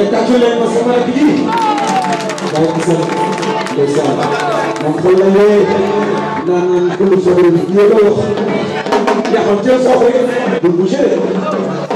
mais tàccu leen ma sama rakk ji day gisal ndeysaan moom xool la lee naan kullu soxla yi ñoo ko wax yaa xam jël soxla yi du bouger